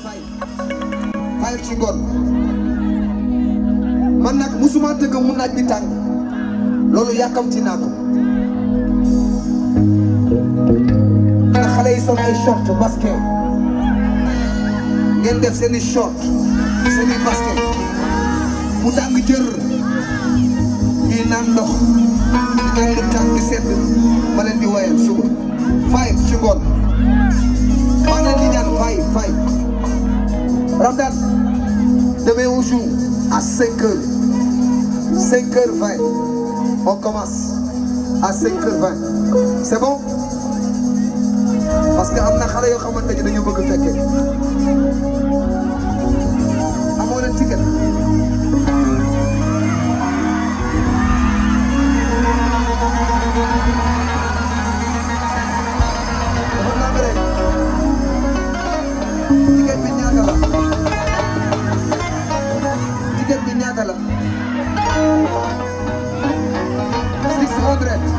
fayal ci ngor man nag musuma tëgg mu naaj bi tàng loolu yàkkamti naa ko xale yi sol ay basket ngeen def seeni short seeni basket mu tàng jër ñuy naan fekk tax bi sedd ma leen di woyal suba fay ci ngoon maa leen di ñaan fay fay Ramadan demain au jour à 5 heures 5 heures commence à 5 heures que am na xale yoo xamante ne dañoo bëgg fekkee la. 600.